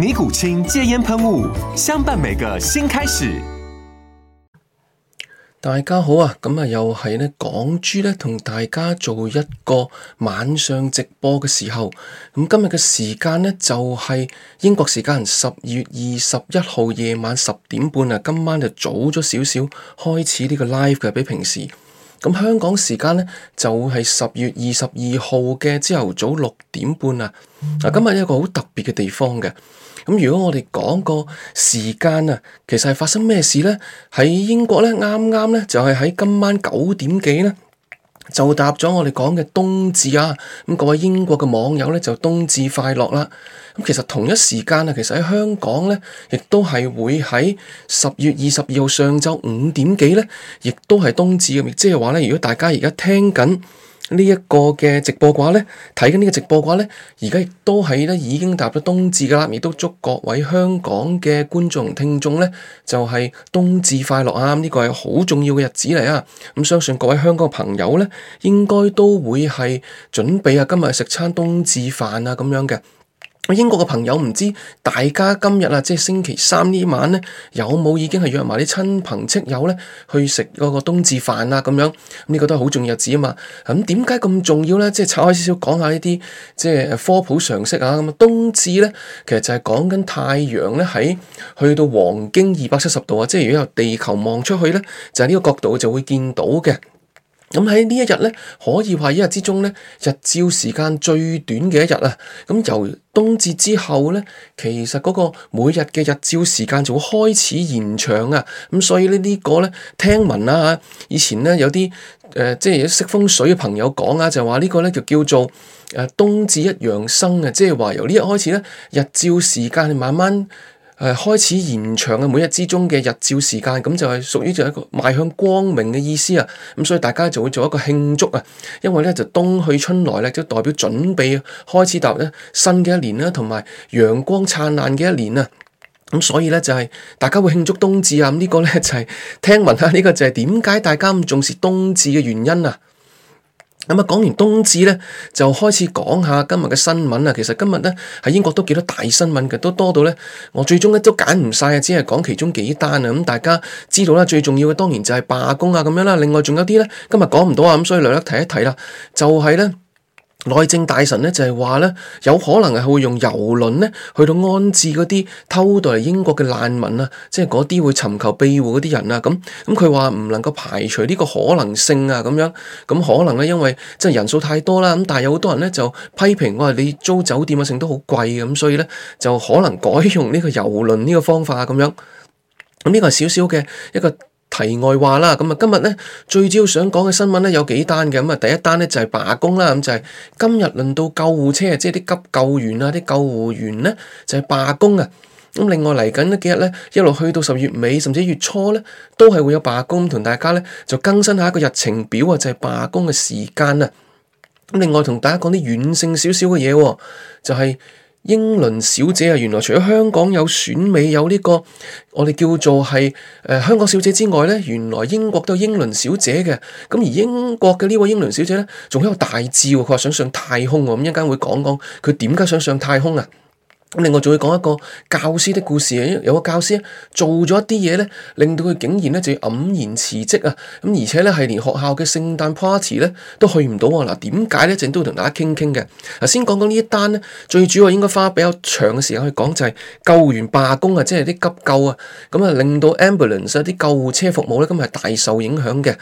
尼古清戒煙噴霧，相伴每個新開始。大家好啊，咁啊又係呢港珠呢，同大家做一個晚上直播嘅時候，咁今日嘅時間呢，就係英國時間十二月二十一號夜晚十點半啊，今晚就早咗少少開始呢個 live 嘅，比平時。咁香港時間咧就係十月二十二號嘅朝頭早六點半啊！嗱、mm，hmm。今日一個好特別嘅地方嘅。咁如果我哋講個時間啊，其實係發生咩事咧？喺英國咧，啱啱咧就係喺今晚九點幾咧。就答咗我哋講嘅冬至啊，咁各位英國嘅網友咧就冬至快樂啦。咁其實同一時間啊，其實喺香港咧，亦都係會喺十月二十二號上晝五點幾咧，亦都係冬至咁，即係話咧，如果大家而家聽緊。呢一個嘅直播嘅話咧，睇緊呢個直播嘅話咧，而家亦都係咧已經踏入咗冬至㗎喇，亦都祝各位香港嘅觀眾聽眾咧，就係、是、冬至快樂啊！呢、這個係好重要嘅日子嚟啊！咁、嗯、相信各位香港嘅朋友咧，應該都會係準備啊，今日食餐冬至飯啊咁樣嘅。英國嘅朋友，唔知大家今日啊，即係星期三呢晚咧，有冇已經係約埋啲親朋戚友咧，去食嗰個冬至飯啊咁樣？呢個都係好重要日子啊嘛。咁點解咁重要咧？即係拆開少少講下呢啲，即係科普常識啊。咁冬至咧，其實就係講緊太陽咧喺去到黃經二百七十度啊，即係如果由地球望出去咧，就係呢個角度就會見到嘅。咁喺呢一日咧，可以話一日之中咧，日照時間最短嘅一日啊！咁由冬至之後咧，其實嗰個每日嘅日照時間就會開始延長啊！咁所以呢，呢個、呢個咧，聽聞啊嚇，以前咧有啲誒、呃、即係識風水嘅朋友講啊，就話呢個咧就叫做誒冬至一陽生啊，即係話由呢一日開始咧，日照時間慢慢，誒開始延長嘅每日之中嘅日照時間，咁就係屬於就一個邁向光明嘅意思啊！咁所以大家就會做一個慶祝啊，因為咧就冬去春來咧，就代表準備開始踏入新嘅一年啦，同埋陽光燦爛嘅一年啊！咁所以咧就係大家會慶祝冬至啊！咁呢個咧就係、是、聽聞下呢個就係點解大家咁重視冬至嘅原因啊！咁啊，講完冬至咧，就開始講下今日嘅新聞啊。其實今日咧喺英國都幾多大新聞嘅，都多到咧，我最終咧都揀唔晒，只係講其中幾單啊。咁、嗯、大家知道啦，最重要嘅當然就係罷工啊咁樣啦。另外仲有啲咧，今日講唔到啊，咁、嗯、所以略略提一提啦。就係、是、咧。內政大臣呢，就係話呢，有可能係會用郵輪呢去到安置嗰啲偷渡嚟英國嘅難民啊，即係嗰啲會尋求庇護嗰啲人啊，咁咁佢話唔能夠排除呢個可能性啊，咁樣咁可能呢，因為即係人數太多啦，咁但係有好多人呢，就批評我話你租酒店啊，成日都好貴嘅，咁所以呢，就可能改用呢個郵輪呢個方法啊，咁樣咁呢個係少少嘅一個。題外話啦，咁啊，今日咧最主要想講嘅新聞咧有幾單嘅，咁啊，第一單咧就係罷工啦，咁就係今日輪到救護車，即係啲急救員啊，啲救護員咧就係罷工啊。咁另外嚟緊呢幾日咧，一路去到十月尾，甚至月初咧都係會有罷工，同大家咧就更新下一個日程表啊，就係罷工嘅時間啊。咁另外同大家講啲軟性少少嘅嘢，就係。英倫小姐啊，原來除咗香港有選美有呢，這個我哋叫做係誒、呃、香港小姐之外咧，原來英國都有英倫小姐嘅。咁而英國嘅呢位英倫小姐咧，仲喺度大志喎，佢話想上太空喎。咁一陣間會講講佢點解想上太空啊？另外仲會講一個教師的故事，有個教師做咗一啲嘢呢，令到佢竟然咧就要黯然辭職啊！咁而且呢，係連學校嘅聖誕 party 咧都去唔到啊！嗱，點解呢？陣都同大家傾傾嘅。嗱，先講講呢一單呢，最主要應該花比較長嘅時間去講就係救護員罷工啊，即係啲急救啊，咁啊令到 ambulance 啊啲救護車服務呢，今日係大受影響嘅。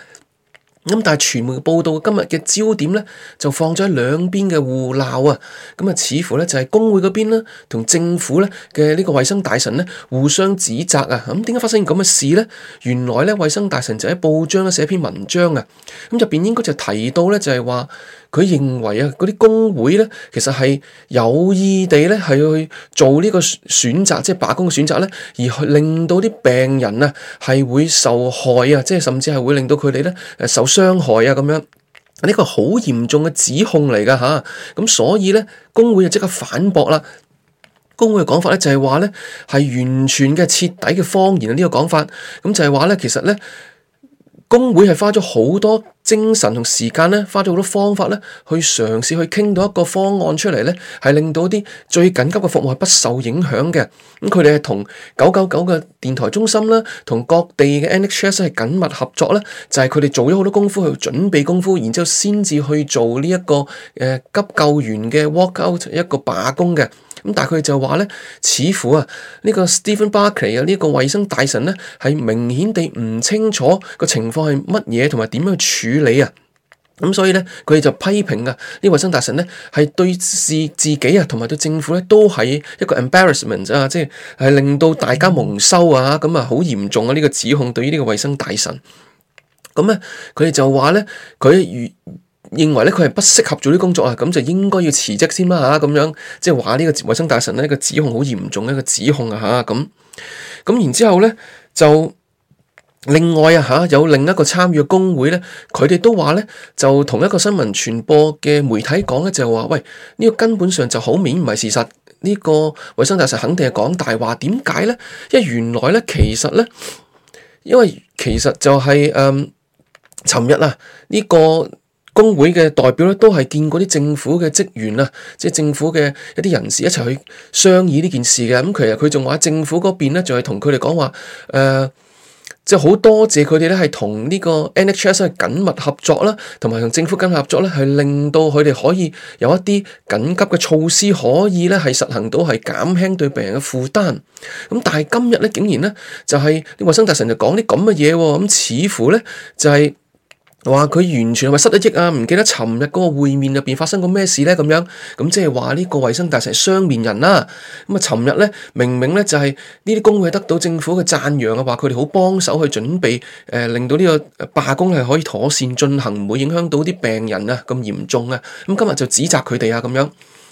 咁但係傳媒報道今日嘅焦點咧，就放咗喺兩邊嘅互鬧啊！咁、嗯、啊，似乎咧就係工會嗰邊咧、啊，同政府咧嘅呢個衞生大臣咧互相指責啊！咁點解發生咁嘅事咧？原來咧，衞生大臣就喺報章咧寫一篇文章啊！咁入邊應該就提到咧，就係話。佢認為啊，嗰啲工會咧，其實係有意地咧，係去做呢個選擇，即係罷工嘅選擇咧，而去令到啲病人啊，係會受害啊，即係甚至係會令到佢哋咧，誒受傷害啊，咁樣呢個好嚴重嘅指控嚟嘅吓。咁、啊、所以咧，工會就即刻反駁啦。工會嘅講法咧就係話咧，係完全嘅徹底嘅謊言啊！呢、呢個講法，咁就係話咧，其實咧。工會係花咗好多精神同時間咧，花咗好多方法咧，去嘗試去傾到一個方案出嚟咧，係令到啲最緊急嘅服務係不受影響嘅。咁佢哋係同九九九嘅電台中心啦，同各地嘅 NHS 係緊密合作啦，就係佢哋做咗好多功夫去準備功夫，然之後先至去做呢、這、一個誒、呃、急救員嘅 walkout 一個罷工嘅。咁但係佢哋就話咧，似乎啊呢、這個 Stephen Barclay 啊呢個衛生大臣咧係明顯地唔清楚個情況係乜嘢，同埋點樣去處理啊！咁所以咧佢哋就批評啊呢衛、這個、生大臣咧係對事自，自己啊，同埋對政府咧都係一個 embarrassment 啊，即係係令到大家蒙羞啊！咁啊好嚴重啊！呢、這個指控對於呢個衛生大臣，咁咧佢哋就話咧佢如。認為咧佢係不適合做啲工作啊，咁就應該要辭職先啦。吓、啊、咁樣即係話呢個衛生大臣咧個指控好嚴重咧個指控啊吓咁咁，然之後咧就另外啊吓有另一個參與嘅工會咧，佢哋都話咧就同一個新聞傳播嘅媒體講咧就話喂呢、這個根本上就好面唔係事實呢、這個衛生大臣肯定係講大話，點解咧？因為原來咧其實咧，因為其實就係、是、誒，尋、嗯、日啊呢、這個。工會嘅代表咧，都係見過啲政府嘅職員啊，即係政府嘅一啲人士一齊去商議呢件事嘅。咁、嗯、其實佢仲話政府嗰邊咧、呃，就係同佢哋講話，誒，即係好多謝佢哋咧，係同呢個 NHS 係緊密合作啦，同埋同政府緊合作咧，係令到佢哋可以有一啲緊急嘅措施，可以咧係實行到係減輕對病人嘅負擔。咁、嗯、但係今日咧，竟然咧就係啲衛生大臣就講啲咁嘅嘢，咁、嗯、似乎咧就係、是。話佢完全係咪失咗憶啊？唔記得尋日嗰個會面入邊發生過咩事呢？咁樣咁即係話呢個衛生大臣係雙面人啦。咁啊，尋、嗯、日呢，明明呢就係呢啲工會得到政府嘅讚揚啊，話佢哋好幫手去準備，誒、呃、令到呢個罷工係可以妥善進行，唔會影響到啲病人啊咁嚴重啊。咁、嗯、今日就指責佢哋啊咁樣。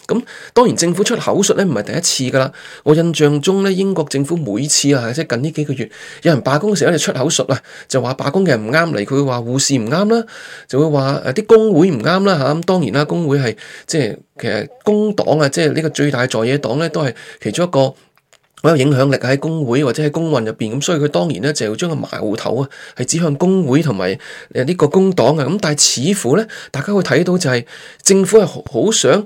咁當然政府出口術咧唔係第一次噶啦，我印象中咧英國政府每次啊，即係近呢幾個月有人罷工嘅時候咧就出口術啊，就話罷工嘅人唔啱嚟，佢會話護士唔啱啦，就會話誒啲工會唔啱啦吓。咁當然啦，工會係即係其實工黨啊，即係呢個最大在野黨咧，都係其中一個好有影響力喺工會或者喺工運入邊。咁所以佢當然咧就要將個矛頭啊係指向工會同埋誒呢個工黨啊。咁但係似乎咧，大家會睇到就係、是、政府係好想，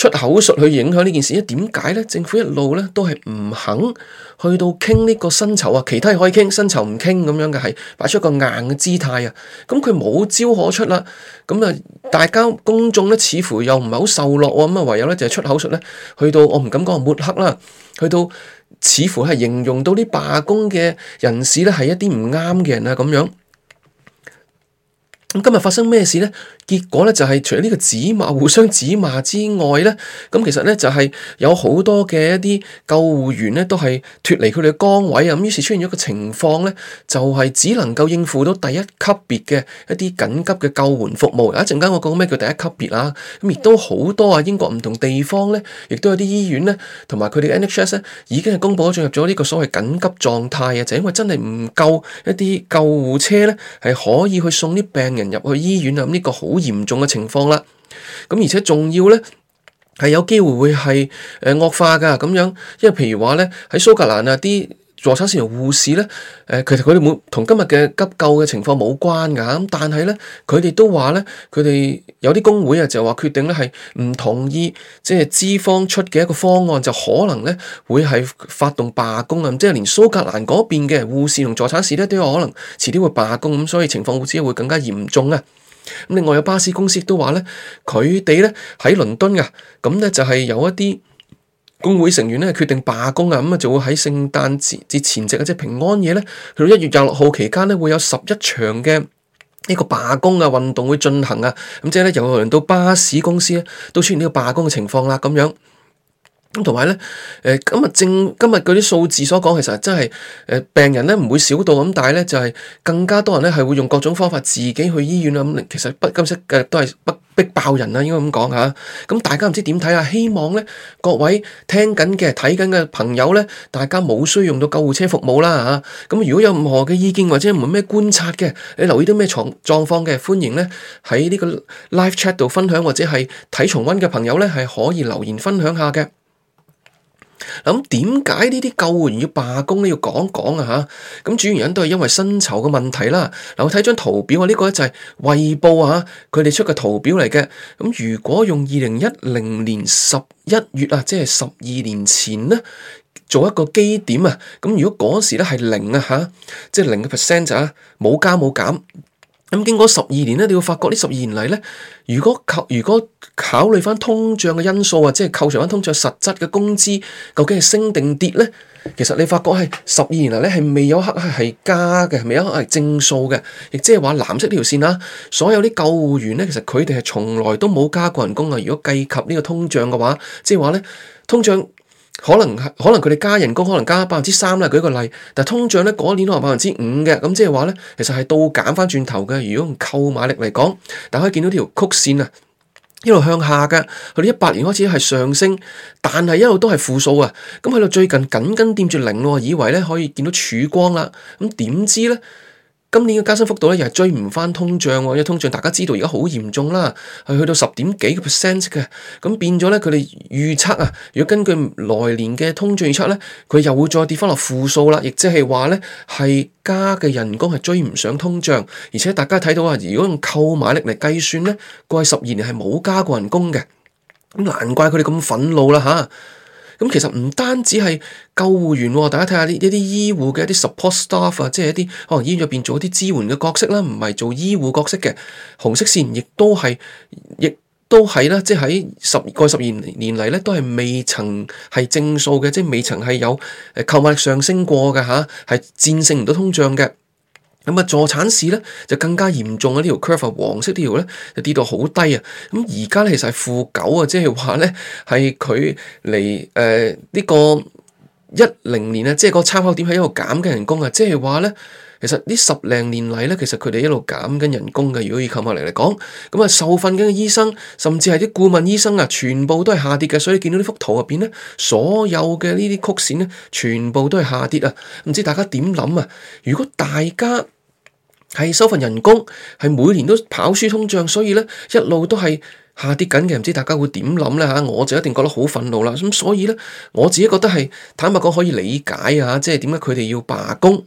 出口術去影響呢件事，一點解呢？政府一路咧都係唔肯去到傾呢個薪酬啊，其他可以傾，薪酬唔傾，咁樣嘅係擺出一個硬嘅姿態啊。咁佢冇招可出啦。咁啊，大家公眾咧似乎又唔係好受落，咁啊唯有呢，就係、是、出口術呢，去到我唔敢講抹黑啦，去到似乎係形容到啲罷工嘅人士咧係一啲唔啱嘅人啊咁樣。咁今日發生咩事呢？結果咧就係除咗呢個指罵、互相指罵之外咧，咁其實咧就係有好多嘅一啲救護員咧都係脫離佢哋嘅崗位啊，咁於是出現咗一個情況咧，就係只能夠應付到第一級別嘅一啲緊急嘅救援服務。啊，一陣間我講咩叫第一級別啊？咁亦都好多啊英國唔同地方咧，亦都有啲醫院咧，同埋佢哋嘅 NHS 咧已經係公佈咗進入咗呢個所謂緊急狀態啊，就是、因為真係唔夠一啲救護車咧係可以去送啲病人入去醫院啊，咁呢個好嚴重嘅情況啦，咁而且仲要咧係有機會會係誒、呃、惡化噶咁樣，因為譬如話咧喺蘇格蘭啊啲助產士同護士咧，誒、呃、其實佢哋冇同今日嘅急救嘅情況冇關噶，咁但係咧佢哋都話咧佢哋有啲工會啊就話決定咧係唔同意即係資方出嘅一個方案，就可能咧會係發動罷工啊，即係連蘇格蘭嗰邊嘅護士同助產士咧都有可能遲啲會罷工，咁所以情況會只會更加嚴重啊！另外有巴士公司亦都話咧，佢哋咧喺倫敦噶，咁咧就係有一啲工會成員咧決定罷工啊，咁啊，就會喺聖誕節節前夕啊，即係平安夜咧，去到一月廿六號期間咧，會有十一場嘅呢個罷工啊，運動會進行啊，咁即係咧，又輪到巴士公司咧，都出現呢個罷工嘅情況啦，咁樣。同埋咧，誒、呃、今日正今日嗰啲數字所講，其實真係誒、呃、病人咧唔會少到咁，但係咧就係、是、更加多人咧係會用各種方法自己去醫院啦。咁、嗯、其實不今時誒都係逼逼爆人啦、啊，應該咁講嚇。咁、啊嗯、大家唔知點睇啊？希望咧各位聽緊嘅、睇緊嘅朋友咧，大家冇需要用到救護車服務啦嚇。咁、啊嗯、如果有任何嘅意見或者唔係咩觀察嘅，你留意啲咩牀狀況嘅，歡迎咧喺呢個 live chat 度分享，或者係睇重溫嘅朋友咧係可以留言分享下嘅。咁點解呢啲救護員要罷工咧？要講講啊吓，咁主要原因都係因為薪酬嘅問題啦。嗱，我睇張圖表啊，呢個咧就係衛報啊，佢哋出嘅圖表嚟嘅。咁如果用二零一零年十一月啊，即係十二年前咧，做一個基點啊，咁如果嗰時咧係零啊吓，即係零嘅 percent 啊，冇加冇減。咁經過十二年呢，你會發覺呢十二年嚟呢，如果考如果考慮翻通脹嘅因素啊，即係扣除翻通脹實質嘅工資，究竟係升定跌呢？其實你發覺係十二年嚟呢，係未有一刻係加嘅，未有一刻係正數嘅，亦即係話藍色呢條線啊，所有啲救護員咧，其實佢哋係從來都冇加過人工啊！如果計及呢個通脹嘅話，即係話呢通脹。可能係可能佢哋加人工，可能加百分之三啦，舉個例。但通脹咧嗰年可能百分之五嘅，咁即係話咧，其實係倒減翻轉頭嘅。如果用購買力嚟講，大家可以見到條曲線啊，一路向下嘅。佢哋一八年開始係上升，但係一路都係負數啊。咁喺度最近緊緊掂住零咯，以為咧可以見到曙光啦。咁點知咧？今年嘅加薪幅度咧又係追唔翻通脹，因為通脹大家知道而家好嚴重啦，係去到十點幾個 percent 嘅，咁變咗咧佢哋預測啊，如果根據來年嘅通脹預測咧，佢又會再跌翻落負數啦，亦即係話咧係加嘅人工係追唔上通脹，而且大家睇到啊，如果用購買力嚟計算咧，過去十二年係冇加過人工嘅，咁難怪佢哋咁憤怒啦嚇。咁其實唔單止係救護員喎，大家睇下啲一啲醫護嘅一啲 support staff 啊，即係一啲可能醫院入邊做一啲支援嘅角色啦，唔係做醫護角色嘅紅色線，亦都係，亦都係啦，即係喺十個十二年年嚟咧，都係未曾係正數嘅，即係未曾係有購買力上升過嘅吓，係戰勝唔到通脹嘅。咁啊，助產士咧就更加嚴重啊！呢條 curve 黃色條呢條咧就跌到好低啊！咁而家咧其實係負九啊，即係話咧係佢嚟誒呢、呃這個一零年啊，即、就、係、是、個參考點係一個減嘅人工啊，即係話咧。其實呢十零年嚟呢，其實佢哋一路減緊人工嘅。如果以購物嚟嚟講，咁啊受訓緊嘅醫生，甚至係啲顧問醫生啊，全部都係下跌嘅。所以見到呢幅圖入邊呢，所有嘅呢啲曲線呢，全部都係下跌啊！唔知大家點諗啊？如果大家係收份人工，係每年都跑輸通脹，所以呢一路都係下跌緊嘅。唔知大家會點諗呢？吓，我就一定覺得好憤怒啦。咁所以呢，我自己覺得係坦白講可以理解啊，即係點解佢哋要罷工。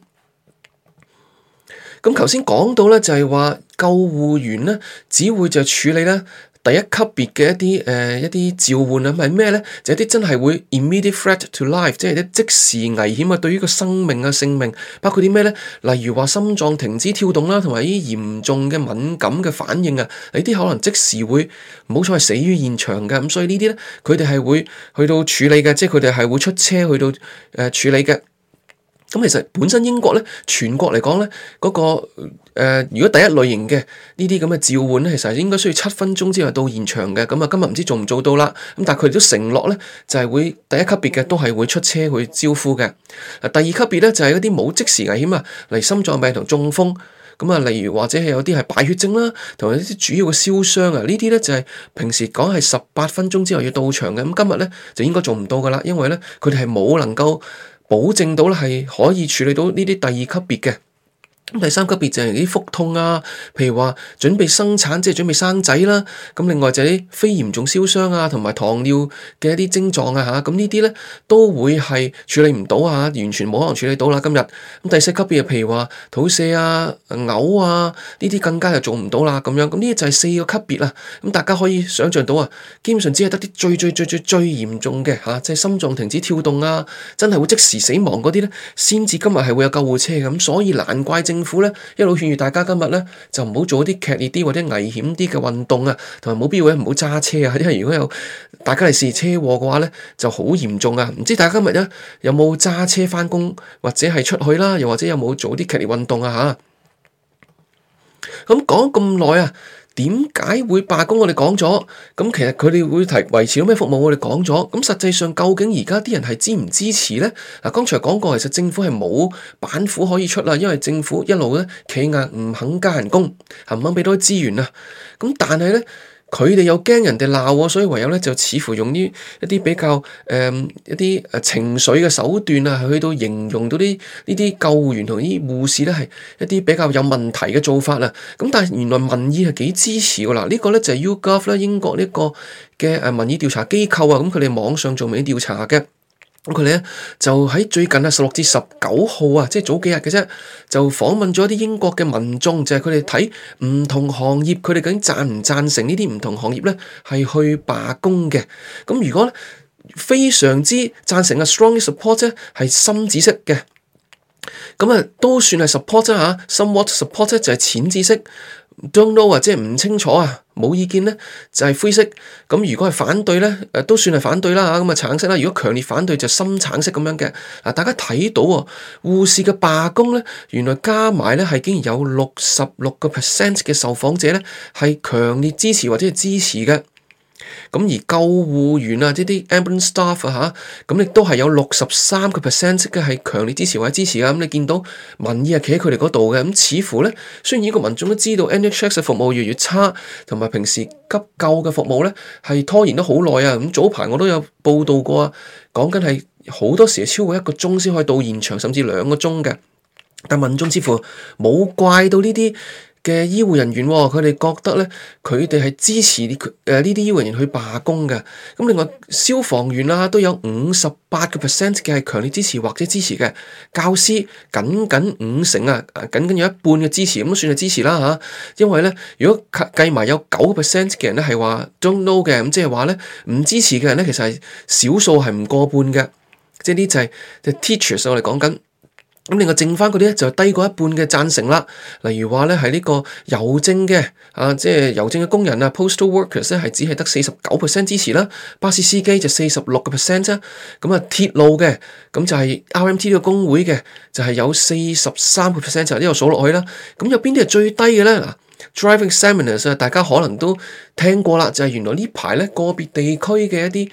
咁頭先講到咧，就係、是、話救護員咧，只會就處理咧第一級別嘅一啲誒、呃、一啲召喚啊，唔係咩咧？就啲、是、真係會 immediate threat to life，即係啲即時危險啊，對於個生命啊、性命，包括啲咩咧？例如話心臟停止跳動啦，同埋啲嚴重嘅敏感嘅反應啊，呢啲可能即時會冇錯係死於現場嘅。咁所以呢啲咧，佢哋係會去到處理嘅，即係佢哋係會出車去到誒、呃、處理嘅。咁其實本身英國咧，全國嚟講咧，嗰個、呃、如果第一類型嘅呢啲咁嘅召喚咧，其實應該需要七分鐘之內到現場嘅。咁啊，今日唔知做唔做到啦。咁但係佢哋都承諾咧，就係會第一級別嘅都係會出車去招呼嘅。第二級別咧就係嗰啲冇即時危險啊，例如心臟病同中風。咁啊，例如或者係有啲係敗血症啦，同埋一啲主要嘅燒傷啊，呢啲咧就係平時講係十八分鐘之內要到場嘅。咁今日咧就應該做唔到噶啦，因為咧佢哋係冇能夠。保證到咧，係可以處理到，呢啲第二級別嘅。咁第三級別就係啲腹痛啊，譬如話準備生產即係準備生仔啦。咁另外就係啲非嚴重燒傷啊，同埋糖尿嘅一啲症狀啊，嚇咁呢啲咧都會係處理唔到啊，完全冇可能處理到啦、啊。今日咁第四級別啊，譬如話肚瀉啊、嘔啊呢啲更加又做唔到啦。咁樣咁呢啲就係四個級別啦、啊。咁大家可以想像到啊，基本上只係得啲最最最最最嚴重嘅嚇、啊，即係心臟停止跳動啊，真係會即時死亡嗰啲咧，先至今日係會有救護車咁。所以難怪正。政府咧一路勸喻大家今日咧就唔好做啲劇烈啲或者危險啲嘅運動啊，同埋冇必要唔好揸車啊，因為如果有大家嚟試車禍嘅話咧就好嚴重啊！唔知大家今日咧有冇揸車返工或者係出去啦，又或者有冇做啲劇烈運動啊？吓咁講咁耐啊！點解會罷工？我哋講咗，咁其實佢哋會提維持到咩服務？我哋講咗，咁實際上究竟而家啲人係支唔支持呢？嗱，剛才講過，其實政府係冇板斧可以出啦，因為政府一路咧企硬唔肯加人工，係唔肯俾多啲資源啊。咁但係呢。佢哋又驚人哋鬧喎，所以唯有呢就似乎用呢一啲比較誒、呃、一啲誒情緒嘅手段啊，去到形容到啲呢啲救護員同啲護士呢係一啲比較有問題嘅做法啊。咁但係原來民意係幾支持㗎啦，呢、這個呢就係、是、YouGov 啦，英國呢個嘅誒民意調查機構啊，咁佢哋網上做民意調查嘅。咁佢哋咧就喺最近啊，十六至十九號啊，即係早幾日嘅啫，就訪問咗一啲英國嘅民眾，就係佢哋睇唔同行業，佢哋究竟贊唔贊成呢啲唔同行業咧係去罷工嘅？咁如果非常之贊成啊，strong support 咧係深紫色嘅，咁啊都算係 support 啫，吓，somewhat support 咧就係淺紫色，don't know 啊，即係唔清楚啊。冇意見呢就係灰色。咁如果係反對呢，誒都算係反對啦嚇。咁啊橙色啦。如果強烈反對就深橙色咁樣嘅。啊，大家睇到啊，護士嘅罷工呢，原來加埋呢係竟然有六十六個 percent 嘅受訪者呢，係強烈支持或者係支持嘅。咁而救護員啊，即啲 ambulance staff 啊，嚇、啊，咁亦都係有六十三個 percent 嘅係強烈支持或者支持啊，咁、嗯、你見到民意係企喺佢哋嗰度嘅，咁、嗯、似乎咧，雖然呢個民眾都知道 NHS 嘅服務越嚟越差，同埋平時急救嘅服務咧係拖延咗好耐啊，咁、嗯、早排我都有報道過，講緊係好多時係超過一個鐘先可以到現場，甚至兩個鐘嘅，但民眾似乎冇怪到呢啲。嘅醫護人員，佢哋覺得咧，佢哋係支持呢啲、呃、醫護人員去罷工嘅。咁另外消防員啦、啊，都有五十八個 percent 嘅係強烈支持或者支持嘅。教師僅，僅僅五成啊，僅僅有一半嘅支持，咁都算係支持啦嚇。因為咧，如果計埋有九個 percent 嘅人咧係話 don't know 嘅，咁即係話咧唔支持嘅人咧，其實係少數係唔過半嘅。即係呢就係、即係、the teachers 我哋講緊。咁另外剩翻嗰啲咧就低過一半嘅贊成啦，例如話咧係呢個郵政嘅啊，即係郵政嘅工人啊，postal workers 咧係只係得四十九 percent 支持啦，巴士司機就四十六個 percent 啫，咁啊鐵路嘅咁就係 RMT 呢個工會嘅就係、是、有四十三個 percent，就呢度數落去啦。咁、啊、有邊啲係最低嘅咧？嗱，driving examiners 大家可能都聽過啦，就係、是、原來呢排咧個別地區嘅一啲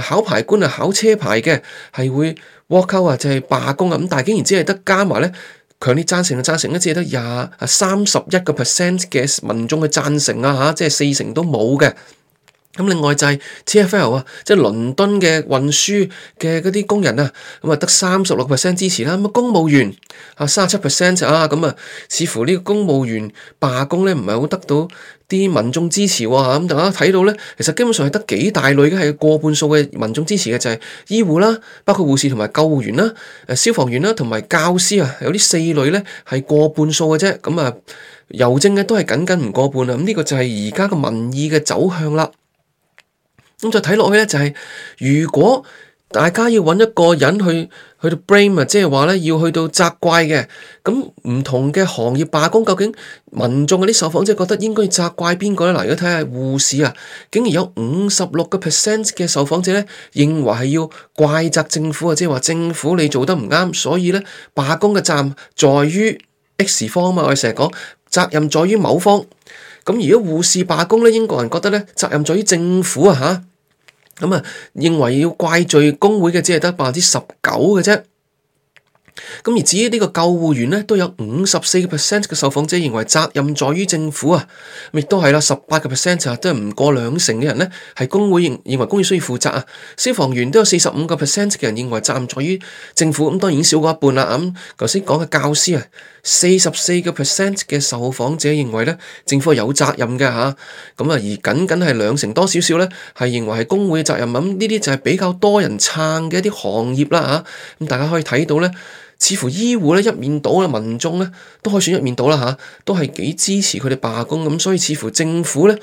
誒考牌官啊考車牌嘅係會。Walk out 啊，即係罷工啊，咁但係竟然只係得加埋咧，強烈贊成嘅贊成，只係得廿三十一個 percent 嘅民眾嘅贊成啊嚇，即係四成都冇嘅。咁另外就係 TFL 啊，即係倫敦嘅運輸嘅嗰啲工人啊，咁啊得三十六 percent 支持啦。咁啊公務員啊三十七 percent 啊，咁啊似乎呢個公務員罷工咧唔係好得到啲民眾支持喎。咁、啊、大家睇到咧，其實基本上係得幾大類嘅係過半數嘅民眾支持嘅就係、是、醫護啦，包括護士同埋救護員啦、誒消防員啦同埋教師啊，有啲四類咧係過半數嘅啫。咁啊郵政咧都係僅僅唔過半啊。咁、這、呢個就係而家嘅民意嘅走向啦。咁再睇落去咧，就係、是、如果大家要揾一個人去去到 blame 啊，即係話咧要去到責怪嘅，咁唔同嘅行業罷工，究竟民眾嗰啲受訪者覺得應該責怪邊個咧？嗱，而家睇下護士啊，竟然有五十六個 percent 嘅受訪者咧，認為係要怪責政府啊，即係話政府你做得唔啱，所以咧罷工嘅站在於 X 方啊嘛，我哋成日講責任在於某方。咁如果護士罷工咧，英國人覺得咧責任在於政府啊吓。咁啊，認為要怪罪工會嘅只係得百分之十九嘅啫。咁而，而至於呢個救護員呢，都有五十四個 percent 嘅受訪者認為責任在於政府啊。咁亦都係啦，十八個 percent 都係唔過兩成嘅人呢，係工會認認為工會需要負責啊。消防員都有四十五個 percent 嘅人認為責任在於政府。咁當然少過一半啦。咁頭先講嘅教師啊。四十四個 percent 嘅受訪者認為咧，政府係有責任嘅嚇，咁啊而僅僅係兩成多少少咧，係認為係工會嘅責任。咁呢啲就係比較多人撐嘅一啲行業啦嚇。咁大家可以睇到咧，似乎醫護咧一面倒啦，民眾咧都可以算一面倒啦嚇，都係幾支持佢哋罷工咁。所以似乎政府咧，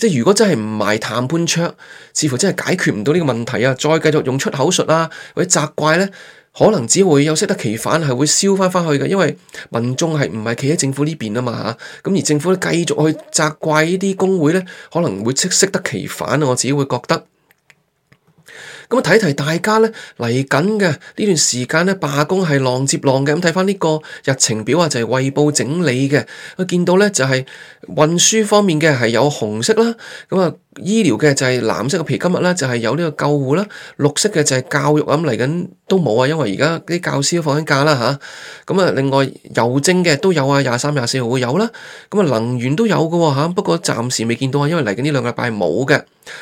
即係如果真係唔埋談判桌，似乎真係解決唔到呢個問題啊！再繼續用出口術啊，或者責怪咧。可能只會有適得其反，係會燒翻翻去嘅，因為民眾係唔係企喺政府呢邊啊嘛嚇，咁而政府咧繼續去責怪呢啲工會咧，可能會適得其反，我自己會覺得。咁、嗯、啊，提提大家咧，嚟緊嘅呢段時間咧，罷工係浪接浪嘅，咁睇翻呢個日程表啊，就係、是、衛報整理嘅，我見到咧就係運輸方面嘅係有紅色啦，咁、嗯、啊。醫療嘅就係藍色嘅，譬如今日咧就係、是、有呢個救護啦。綠色嘅就係教育，咁嚟緊都冇啊，因為而家啲教師都放緊假啦吓。咁啊，另外郵政嘅都有啊，廿三、廿四號會有啦。咁、嗯、啊，能源都有嘅吓、啊，不過暫時未見到啊，因為嚟緊呢兩個禮拜冇嘅。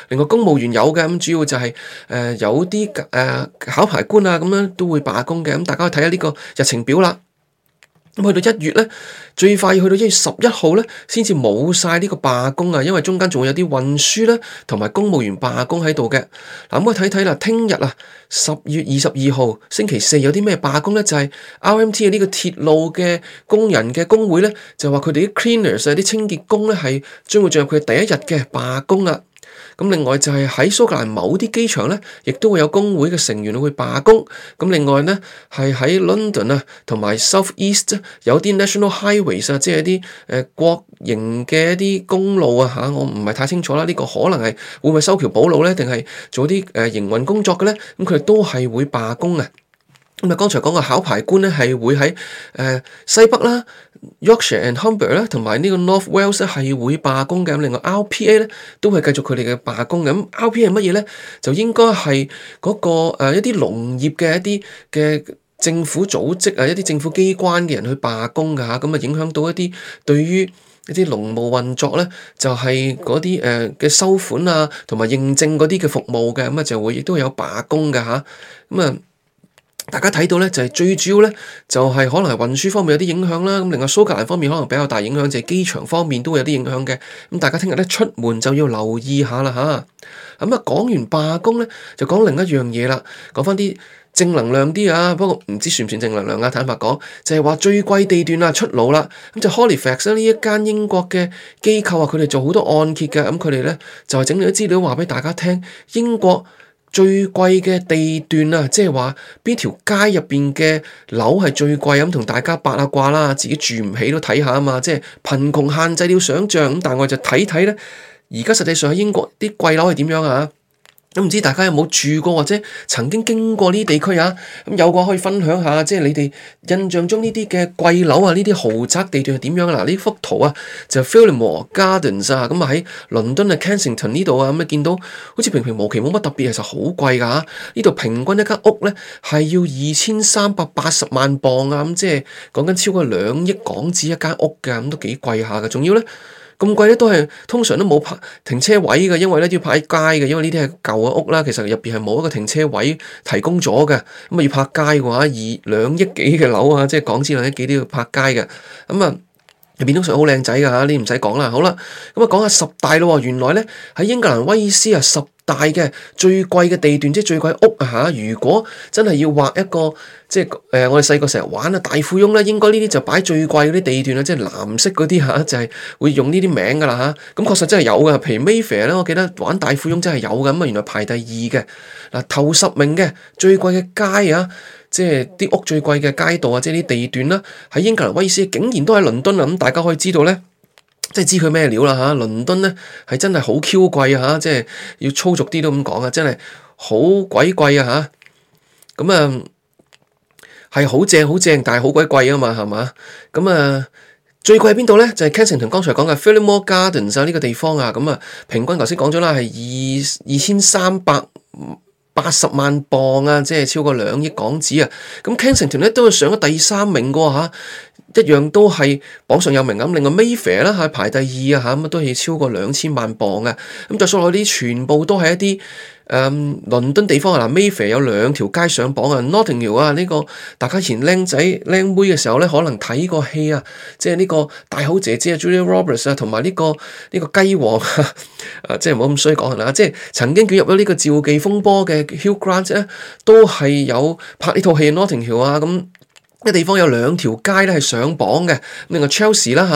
另外公務員有嘅，咁、嗯、主要就係、是、誒、呃、有啲誒、呃、考牌官啊咁樣都會罷工嘅。咁、嗯、大家睇下呢個日程表啦。咁去到一月咧，最快要去到一月十一號咧，先至冇晒呢個罷工啊！因為中間仲會有啲運輸咧，同埋公務員罷工喺度嘅。嗱，咁我睇睇啦，聽日啊，十月二十二號星期四有啲咩罷工咧？就係 RMT 啊，呢個鐵路嘅工人嘅工會咧，就話佢哋啲 cleaners 啊，啲清潔工咧，係將會進入佢第一日嘅罷工啦。咁另外就係喺蘇格蘭某啲機場咧，亦都會有工會嘅成員會罷工。咁另外咧，係喺 London 啊，同埋 South East 啊，有啲 National Highways 啊，即係啲誒國營嘅一啲公路啊，吓，我唔係太清楚啦。呢個可能係會唔會修橋補路咧，定係做啲誒、呃、營運工作嘅咧？咁佢都係會罷工啊！咁啊！剛才講嘅考牌官咧，係會喺誒西北啦，Yorkshire and Humber 咧，同埋呢個 North Wales 咧，係會罷工嘅。咁另外 RPA 咧，都係繼續佢哋嘅罷工嘅。咁 RPA 係乜嘢咧？就應該係嗰個誒、呃、一啲農業嘅一啲嘅政府組織啊，一啲政府機關嘅人去罷工㗎吓。咁啊，嗯、影響到一啲對於一啲農務運作咧，就係嗰啲誒嘅收款啊，同埋認證嗰啲嘅服務嘅咁啊，就會亦都會有罷工㗎吓。咁啊～、嗯嗯嗯大家睇到咧，就係、是、最主要咧，就係、是、可能係運輸方面有啲影響啦。咁、嗯、另外蘇格蘭方面可能比較大影響，就係、是、機場方面都會有啲影響嘅。咁、嗯、大家聽日咧出門就要留意下啦，吓、嗯，咁啊講完罷工咧，就講另一樣嘢啦，講翻啲正能量啲啊。不過唔知算唔算正能量啊？坦白講，就係、是、話最貴地段啊出爐啦。咁、嗯、就 Halifax 呢、啊、一間英國嘅機構啊，佢哋做好多按揭嘅。咁佢哋咧就係整理咗啲資料話俾大家聽，英國，最貴嘅地段啊，即係話邊條街入邊嘅樓係最貴咁，同大家八下卦啦，自己住唔起都睇下啊嘛，即係貧窮限制了想象咁，但係我就睇睇咧，而家實際上喺英國啲貴樓係點樣啊？咁唔知大家有冇住過或者曾經經過呢地區啊？咁有嘅可以分享下，即係你哋印象中呢啲嘅貴樓啊、呢啲豪宅地段係點樣啊？嗱，呢幅圖啊，就係 Phillimore Gardens 啊，咁啊喺倫敦啊 Kensington 呢度啊，咁、嗯、啊見到好似平平無奇，冇乜特別，其實好貴㗎嚇！呢度平均一間屋咧係要二千三百八十萬鎊啊，咁、嗯、即係講緊超過兩億港紙一間屋㗎，咁、嗯、都幾貴下嘅，仲要咧。咁貴咧，都係通常都冇泊停車位嘅，因為咧都要泊喺街嘅，因為呢啲係舊嘅屋啦。其實入邊係冇一個停車位提供咗嘅，咁啊要泊街嘅話，以兩億幾嘅樓啊，即係港紙兩億幾都要泊街嘅。咁啊入邊通常好靚仔㗎吓，呢唔使講啦。好啦，咁啊講下十大咯喎。原來咧喺英格蘭威斯啊十大嘅最貴嘅地段，即係最貴屋啊，嚇，如果真係要畫一個，即係誒、呃，我哋細個成日玩啊，大富翁咧，應該呢啲就擺最貴嗰啲地段啦，即係藍色嗰啲嚇，就係、是、會用呢啲名噶啦嚇。咁、啊、確實真係有嘅，譬如，Mayfair 咧，我記得玩大富翁真係有嘅，咁啊原來排第二嘅嗱、啊，頭十名嘅最貴嘅街啊，即係啲屋最貴嘅街道啊，即係啲地段啦，喺英格蘭威斯竟然都喺倫敦啊！咁、嗯、大家可以知道咧。真真即係知佢咩料啦嚇，倫敦咧係真係好 Q 貴啊，即係要粗俗啲都咁講啊，真係好鬼貴啊嚇。咁啊係好正好正，但係好鬼貴啊嘛，係嘛？咁、嗯、啊最貴喺邊度咧？就係 Canton 團剛才講嘅 f l i l g m o r e Gardens 啊，呢個地方啊，咁啊平均頭先講咗啦，係二二千三百八十萬磅啊，即係超過兩億港紙啊。咁 Canton 團咧都係上咗第三名嘅喎、啊一樣都係榜上有名咁，另外 Mayfair 啦嚇排第二啊嚇，咁都係超過兩千萬磅嘅。咁再數落啲，全部都係一啲誒、嗯、倫敦地方啊。嗱 Mayfair 有兩條街上榜啊，Notting Hill 啊呢個大家以前靚仔靚妹嘅時候咧，可能睇個戲啊，即係呢個大口姐姐啊 Julia Roberts 啊、這個，同埋呢個呢個雞王啊，啊即係唔好咁衰講啊。即係曾經捲入咗呢個召妓風波嘅 Hugh Grant 咧，都係有拍呢套戲 Notting Hill 啊咁。嘅地方有兩條街咧係上榜嘅，咁、這個、Ch 啊 Chelsea 啦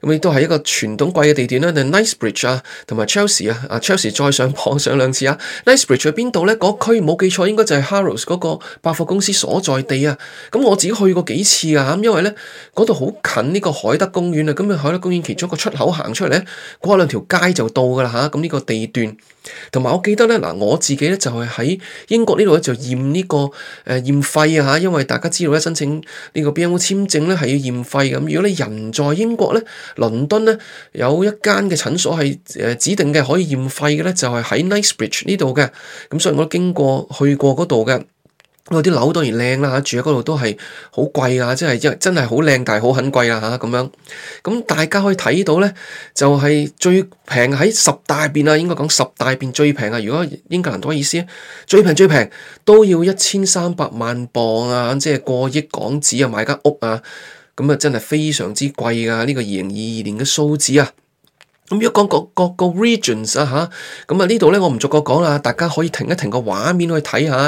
吓，咁亦都係一個傳統貴嘅地段啦。定 Knightsbridge 啊，同埋 Chelsea 啊，啊 Chelsea 再上榜上兩次啊。Knightsbridge 喺、啊、邊度咧？嗰區冇記錯應該就係 Harrods 嗰個百貨公司所在地啊。咁、啊、我自己去過幾次啊，咁因為咧嗰度好近呢個海德公園啊。咁喺海德公園其中一個出口行出嚟咧，過兩條街就到噶啦吓，咁、啊、呢、啊這個地段同埋、啊、我記得咧，嗱、啊、我自己咧就係、是、喺英國呢度咧就驗呢、這個誒驗費啊吓，因為大家知道咧申請。個簽呢個 BNO 簽證咧係要驗肺嘅。咁如果你人在英國呢，倫敦呢有一間嘅診所係指定嘅可以驗肺嘅呢就係、是、喺 Knightsbridge 呢度嘅，咁所以我都經過去過嗰度嘅。嗰啲樓當然靚啦，住喺嗰度都係好貴啊！即係真真係好靚，但係好很貴啊咁樣。咁大家可以睇到咧，就係、是、最平喺十大變啊，應該講十大變最平啊。如果英格蘭多意思咧，最平最平都要一千三百萬鎊啊，即係過億港紙啊，買間屋啊，咁啊真係非常之貴啊！呢、這個二零二二年嘅數字啊。咁一講各各個 regions 啊吓，咁啊呢度咧我唔逐個講啦，大家可以停一停個畫面去睇下。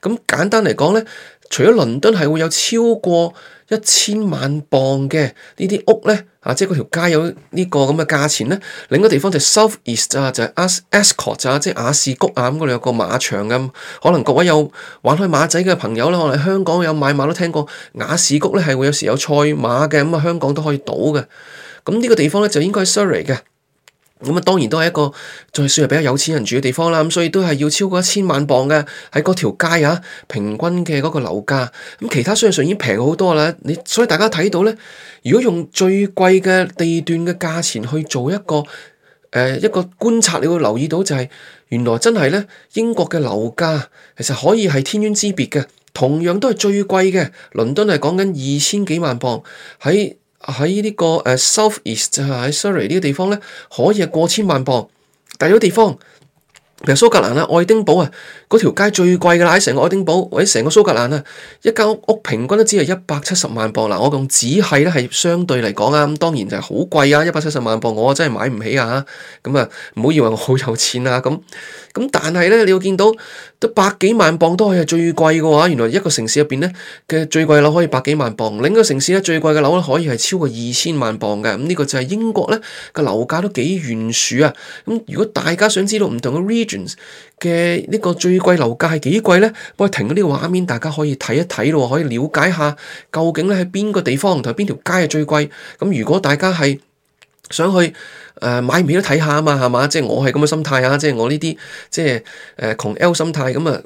咁簡單嚟講咧，除咗倫敦係會有超過一千萬磅嘅呢啲屋咧，啊，即係嗰條街有呢個咁嘅價錢咧。另一個地方就 South East 啊，就係 Ascot 啊，即係雅士谷啊，咁嗰度有個馬場嘅，可能各位有玩開馬仔嘅朋友啦，可能香港有買馬都聽過雅士谷咧，係會有時有賽馬嘅，咁啊香港都可以賭嘅。咁呢個地方咧就應該係 Surrey 嘅，咁啊當然都係一個，仲係算係比較有錢人住嘅地方啦。咁所以都係要超過一千萬磅嘅喺嗰條街啊，平均嘅嗰個樓價。咁其他商業上已經平好多啦。你所以大家睇到咧，如果用最貴嘅地段嘅價錢去做一個誒、呃、一個觀察，你會留意到就係、是、原來真係咧英國嘅樓價其實可以係天淵之別嘅，同樣都係最貴嘅。倫敦係講緊二千幾萬磅喺。喺呢個 South East 啊，喺 Surrey 呢個地方咧，可以係過千萬磅。第啲地方，譬如蘇格蘭啊、愛丁堡啊，嗰條街最貴㗎喇，喺成個愛丁堡或者成個蘇格蘭啊，一間屋平均都只係一百七十萬磅。嗱，我用只係咧係相對嚟講啊，咁當然就係好貴啊，一百七十萬磅，我真係買唔起啊。咁啊，唔好以為我好有錢啊咁。咁但係咧，你要見到都百幾萬磅都可以係最貴嘅話，原來一個城市入邊咧嘅最貴樓可以百幾萬磅，另一個城市咧最貴嘅樓咧可以係超過二千萬磅嘅。咁、這、呢個就係英國咧嘅樓價都幾懸殊啊！咁如果大家想知道唔同嘅 regions 嘅呢個最貴樓價係幾貴咧，我停咗呢個畫面大家可以睇一睇咯，可以了解下究竟咧喺邊個地方同邊條街係最貴。咁如果大家係，想去誒、呃、買唔起都睇下啊嘛，係嘛？即係我係咁嘅心態啊！即係我呢啲即係誒、呃、窮 L 心態咁啊！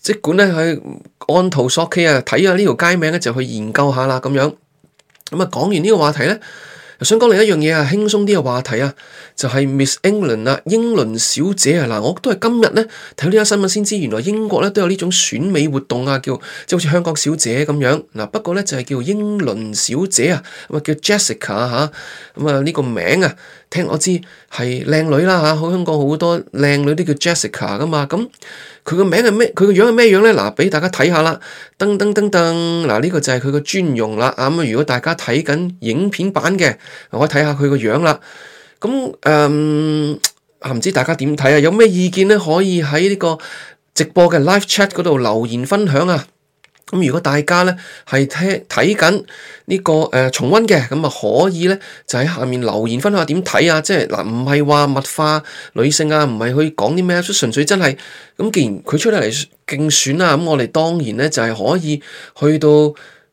即管咧去安圖索 K 啊，睇下呢條街名咧就去研究下啦咁樣。咁、嗯、啊，講完呢個話題咧。想講另一樣嘢啊，輕鬆啲嘅話題啊，就係 Miss England 啊，英倫小姐啊，嗱，我都係今日咧睇呢個新聞先知，原來英國咧都有呢種選美活動啊，叫即係好似香港小姐咁樣，嗱，不過咧就係叫英倫小姐啊，咁啊叫 Jessica 吓，咁啊呢個名啊。聽我知係靚女啦吓，喺、啊、香港好多靚女都叫 Jessica 噶嘛，咁佢個名係咩？佢個樣係咩樣咧？嗱、啊，俾大家睇下啦，噔噔噔噔，嗱、啊、呢、這個就係佢個專用啦，咁啊！如果大家睇緊影片版嘅，我睇下佢個樣啦。咁、啊、誒、嗯，啊唔知大家點睇啊？有咩意見咧？可以喺呢個直播嘅 live chat 嗰度留言分享啊！咁如果大家咧係睇睇緊呢個誒、呃、重溫嘅，咁啊可以咧就喺下面留言分享下點睇啊！即係嗱，唔係話物化女性啊，唔係去講啲咩，即係純粹真係咁。既然佢出嚟嚟競選啊，咁我哋當然咧就係、是、可以去到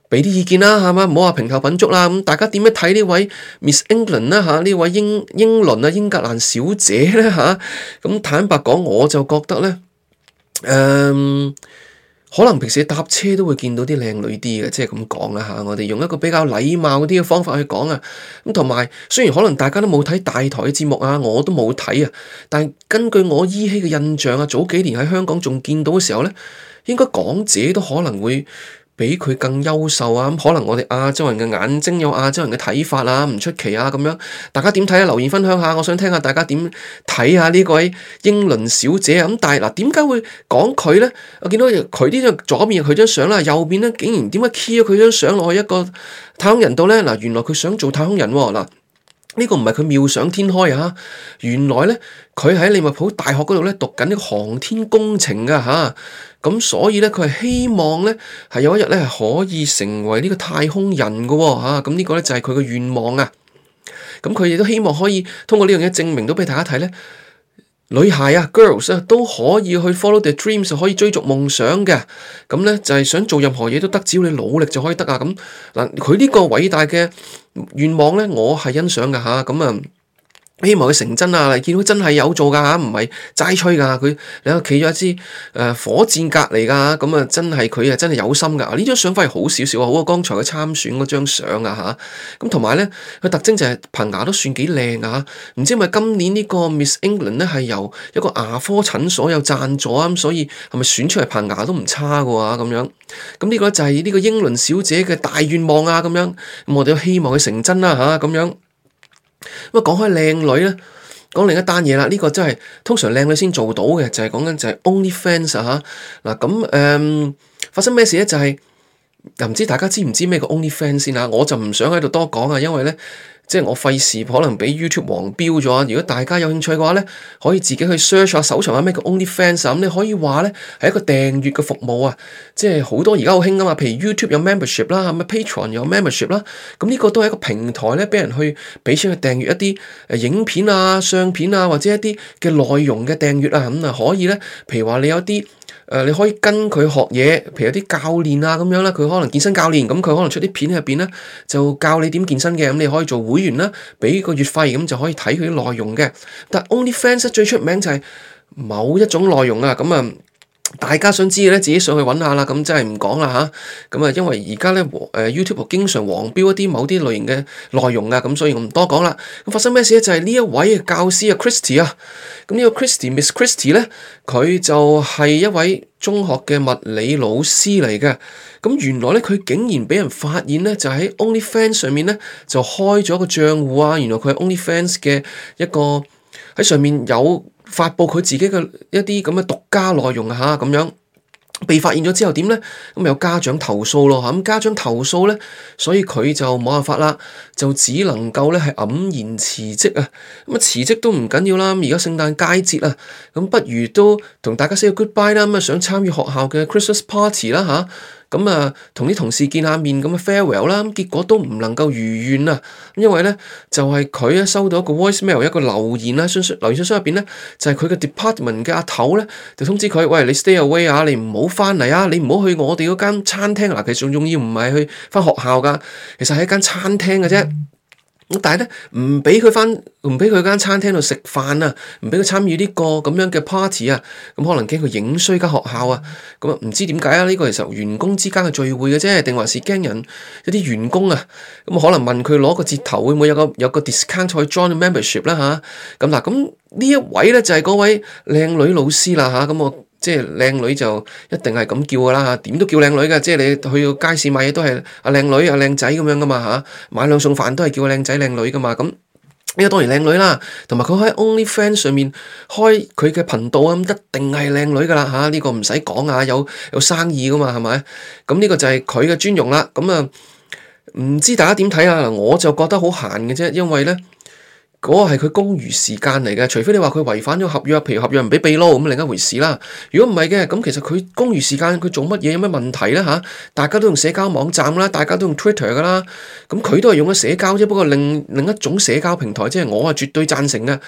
俾啲意見啦、啊，係嘛？唔好話評頭品足啦、啊。咁大家點樣睇呢位 Miss England 啦、啊？吓、啊，呢位英英倫啊，英格蘭小姐咧吓，咁、啊、坦白講，我就覺得咧，誒、呃。可能平時搭車都會見到啲靚女啲嘅，即係咁講啦吓。我哋用一個比較禮貌啲嘅方法去講啊。咁同埋雖然可能大家都冇睇大台嘅節目啊，我都冇睇啊。但係根據我依稀嘅印象啊，早幾年喺香港仲見到嘅時候咧，應該港姐都可能會比佢更優秀啊！咁可能我哋亞洲人嘅眼睛有亞洲人嘅睇法啊，唔出奇啊！咁樣大家點睇啊？留言分享下，我想聽下大家點睇下呢位英倫小姐、嗯、啊！咁但係嗱，點解會講佢咧？我見到佢呢張左面佢張相啦，右邊咧竟然點解 key 咗佢張相落去一個太空人度咧？嗱、啊，原來佢想做太空人喎、啊！嗱、啊。呢個唔係佢妙想天開啊！原來咧，佢喺利物浦大學嗰度咧讀緊呢個航天工程噶吓，咁、啊、所以咧佢係希望咧係有一日咧係可以成為呢個太空人噶吓，咁、啊、呢個咧就係佢嘅願望啊！咁佢亦都希望可以通過呢樣嘢證明到俾大家睇咧。女孩啊，Girls 啊，都可以去 follow their dreams，可以追逐夢想嘅。咁咧就係、是、想做任何嘢都得，只要你努力就可以得啊。咁嗱，佢呢個偉大嘅願望咧，我係欣賞嘅吓。咁啊。希望佢成真啊！嚟見到真係有做噶吓，唔係齋吹噶。佢兩個企咗一支誒火箭隔籬噶，咁啊真係佢啊真係有心噶。呢張相反而好少少啊，好過剛才佢參選嗰張相啊吓。咁同埋咧，佢特徵就係棚牙都算幾靚啊。唔知係咪今年呢個 Miss England 咧係由一個牙科診所有贊助啊，咁，所以係咪選出嚟棚牙都唔差噶？咁樣咁呢個就係呢個英倫小姐嘅大願望啊！咁樣咁我哋都希望佢成真啦、啊、吓，咁樣。咁、這個就是就是、啊，講開靚女咧，講另一單嘢啦。呢個真係通常靚女先做到嘅，就係講緊就係 OnlyFans 吓。嗱咁誒，發生咩事咧？就係、又，唔知大家知唔知咩叫 OnlyFans 先吓？我就唔想喺度多講啊，因為咧。即係我費事可能畀 YouTube 黃標咗。如果大家有興趣嘅話咧，可以自己去 search 下、搜尋下咩叫 OnlyFans。咁你可以話咧係一個訂閱嘅服務啊。即係好多而家好興啊嘛。譬如 YouTube 有 Membership 啦，咁啊 Patreon 有 Membership 啦。咁呢個都係一個平台咧，俾人去俾錢去訂閱一啲誒影片啊、相片啊，或者一啲嘅內容嘅訂閱啊。咁啊可以咧，譬如話你有啲。誒、呃，你可以跟佢學嘢，譬如有啲教練啊咁樣啦，佢可能健身教練，咁佢可能出啲片入邊咧，就教你點健身嘅，咁你可以做會員啦，俾個月費咁就可以睇佢啲內容嘅。但 OnlyFans 最出名就係某一種內容啊，咁啊。大家想知嘅咧，自己上去揾下啦，咁真係唔講啦吓，咁啊，因為而家咧，誒 YouTube 經常黃標一啲某啲類型嘅內容噶，咁、啊、所以我唔多講啦。咁、啊、發生咩事咧？就係、是、呢一位嘅教師啊，Christy 啊，咁、這個、呢個 Christy Miss Christy 咧，佢就係一位中學嘅物理老師嚟嘅。咁、啊、原來咧，佢竟然俾人發現咧，就喺 OnlyFans 上面咧，就開咗一個賬戶啊！原來佢係 OnlyFans 嘅一個喺上面有。發佈佢自己嘅一啲咁嘅獨家內容吓，咁、啊、樣，被發現咗之後點咧？咁有家長投訴咯，吓、啊、咁家長投訴咧，所以佢就冇辦法啦，就只能夠咧係黯然辭職啊！咁啊辭職都唔緊要啦，而家聖誕佳節啊，咁不、啊、不如都同大家 say goodbye 啦，咁啊想參與學校嘅 Christmas party 啦、啊、吓。咁啊，同啲、嗯、同事見下面咁嘅 farewell 啦，咁結果都唔能夠如願啊，因為咧就係佢咧收到一個 voice mail，一個留言啦，信信留言信箱入邊咧就係、是、佢嘅 department 嘅阿頭咧就通知佢，喂，你 stay away 啊，你唔好翻嚟啊，你唔好去我哋嗰間餐廳，嗱，其實仲要唔係去翻學校噶，其實係一間餐廳嘅啫。但係咧，唔畀佢返，唔畀佢間餐廳度食飯啊，唔畀佢參與呢個咁樣嘅 party 啊，咁、嗯、可能驚佢影衰間學校啊，咁啊唔知點解啊？呢、這個其實員工之間嘅聚會嘅啫，定還是驚人一啲員工啊？咁、嗯、可能問佢攞個折頭，會唔會有個有個 discount 去 join membership 啦？吓、啊，咁、嗯、嗱，咁呢一位咧就係、是、嗰位靚女老師啦，吓、啊，咁、嗯、我。即係靚女就一定係咁叫噶啦嚇，點都叫靚女噶。即係你去到街市買嘢都係啊靚女啊靚仔咁樣噶嘛嚇，買兩餸飯都係叫靚仔靚女噶嘛。咁呢個當然靚女啦，同埋佢喺 OnlyFans 上面開佢嘅頻道啊，咁一定係靚女噶啦嚇。呢個唔使講啊，有有生意噶嘛，係咪？咁呢個就係佢嘅專用啦。咁啊，唔知大家點睇啊？我就覺得好閒嘅啫，因為咧。嗰個係佢公餘時間嚟嘅，除非你話佢違反咗合約，譬如合約唔俾秘撈咁另一回事啦。如果唔係嘅，咁其實佢公餘時間佢做乜嘢有咩問題咧嚇？大家都用社交網站啦，大家都用 Twitter 噶啦，咁佢都係用咗社交啫。不過另另一種社交平台，即係我係絕對贊成嘅，